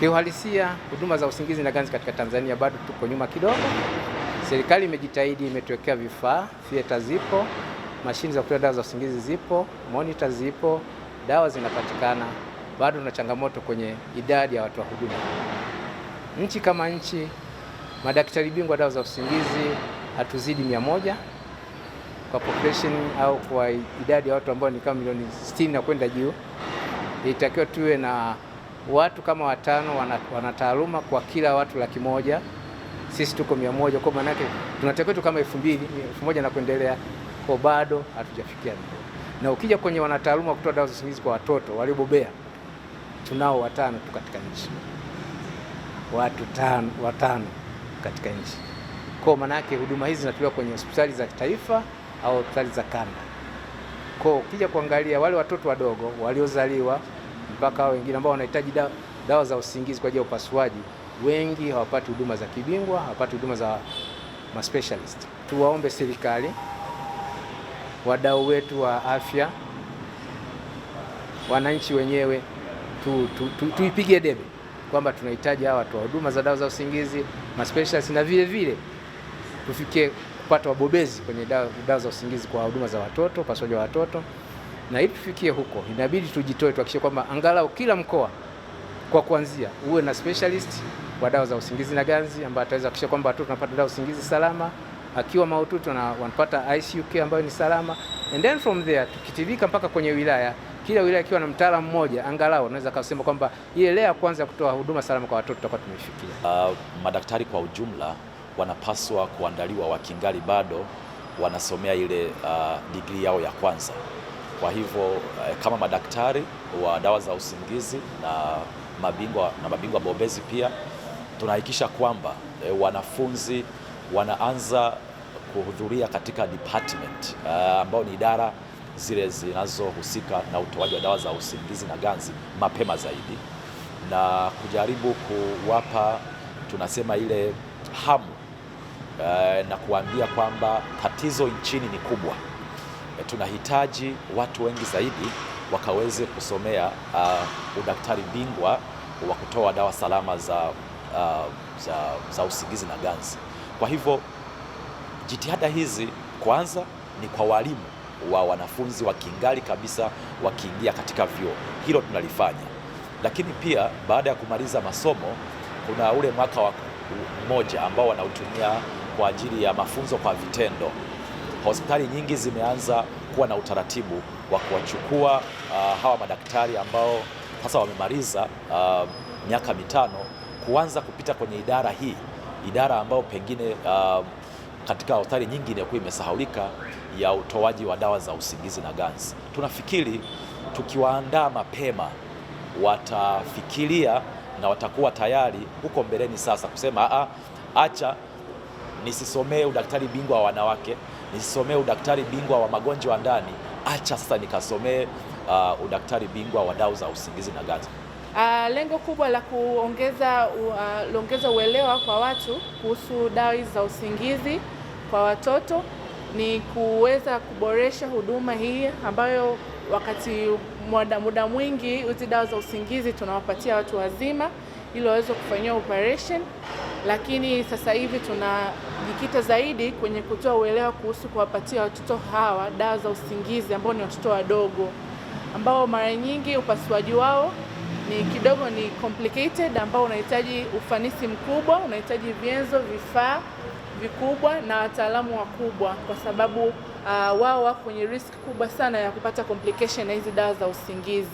Kiuhalisia, huduma za usingizi na ganzi katika Tanzania bado tuko nyuma kidogo. Serikali imejitahidi, imetuwekea vifaa, theater zipo, mashine za kutoa dawa za usingizi zipo, monitor zipo, dawa zinapatikana. Bado tuna changamoto kwenye idadi ya wa huduma. Nchi kama nchi, madaktari bingwa dawa za usingizi hatuzidi mia moja kwa population au kwa idadi ya watu ambao ni kama milioni 60 na kwenda juu, itakiwa tuwe na watu kama watano wanataaluma kwa kila watu laki moja sisi tuko mia moja kwa maana tunatakiwa tu kama elfu mbili elfu moja na kuendelea, kwa bado hatujafikia. Na ukija kwenye wanataaluma kutoa dawa za usingizi kwa watoto waliobobea tunao watano tu katika nchi, watu tano, watano katika nchi. Kwa maana yake huduma hizi zinatolewa kwenye hospitali za taifa au hospitali za kanda. Kwa ukija kuangalia wale watoto wadogo waliozaliwa mpaka wengine ambao wanahitaji dawa, dawa za usingizi kwa ajili ya upasuaji, wengi hawapati huduma za kibingwa, hawapati huduma za specialist. Tuwaombe serikali, wadau wetu wa afya, wananchi wenyewe tu, tu, tu, tuipige debe kwamba tunahitaji hawa watu wa huduma za dawa za usingizi specialist, na vile vile tufikie kupata wabobezi kwenye dawa, dawa za usingizi kwa huduma za watoto, upasuaji wa watoto na ili tufikie huko, inabidi tujitoe, tuhakikishe kwamba angalau kila mkoa kwa kuanzia uwe na specialist wa dawa za usingizi na ganzi ambaye ataweza kuhakikisha kwamba watoto wanapata dawa usingizi salama, akiwa mahututi wanapata ICU care ambayo ni salama, and then from there tukitibika mpaka kwenye wilaya, kila wilaya ikiwa na mtaalamu mmoja angalau, naweza kusema kwamba ile lea kwanza ya kutoa huduma salama kwa watoto tutakuwa tumefikia. Uh, madaktari kwa ujumla wanapaswa kuandaliwa wakingali bado wanasomea ile uh, degree yao ya kwanza. Kwa hivyo eh, kama madaktari wa dawa za usingizi na mabingwa, na mabingwa bobezi pia tunahakikisha kwamba eh, wanafunzi wanaanza kuhudhuria katika department eh, ambao ni idara zile zinazohusika na utoaji wa dawa za usingizi na ganzi mapema zaidi, na kujaribu kuwapa tunasema ile hamu na kuambia kwamba tatizo nchini ni kubwa. E, tunahitaji watu wengi zaidi wakaweze kusomea uh, udaktari bingwa wa kutoa dawa salama za, uh, za, za usingizi na ganzi. Kwa hivyo jitihada hizi kwanza ni kwa walimu wa wanafunzi wakingali kabisa wakiingia katika vyuo, hilo tunalifanya, lakini pia baada ya kumaliza masomo kuna ule mwaka wa mmoja ambao wanautumia kwa ajili ya mafunzo kwa vitendo hospitali nyingi zimeanza kuwa na utaratibu wa kuwachukua uh, hawa madaktari ambao sasa wamemaliza uh, miaka mitano kuanza kupita kwenye idara hii, idara ambayo pengine uh, katika hospitali nyingi inayokuwa imesahaulika ya utoaji wa dawa za usingizi na ganzi. Tunafikiri tukiwaandaa mapema watafikiria na watakuwa tayari huko mbeleni sasa kusema a, acha nisisomee udaktari bingwa wa wanawake nisomee udaktari bingwa wa magonjwa ndani, acha sasa nikasomee uh, udaktari bingwa wa dawa za usingizi na ganzi. Uh, lengo kubwa la kuongeza uh, longeza uelewa kwa watu kuhusu dawa za usingizi kwa watoto ni kuweza kuboresha huduma hii ambayo wakati muda, muda mwingi hizi dawa za usingizi tunawapatia watu wazima ili waweze kufanyiwa operation lakini sasa hivi tunajikita zaidi kwenye kutoa uelewa kuhusu kuwapatia watoto hawa dawa za usingizi ambao ni watoto wadogo, ambao mara nyingi upasuaji wao ni kidogo ni complicated, ambao unahitaji ufanisi mkubwa, unahitaji vyenzo, vifaa vikubwa na wataalamu wakubwa, kwa sababu uh, wao wako kwenye risk kubwa sana ya kupata complication na hizi dawa za usingizi.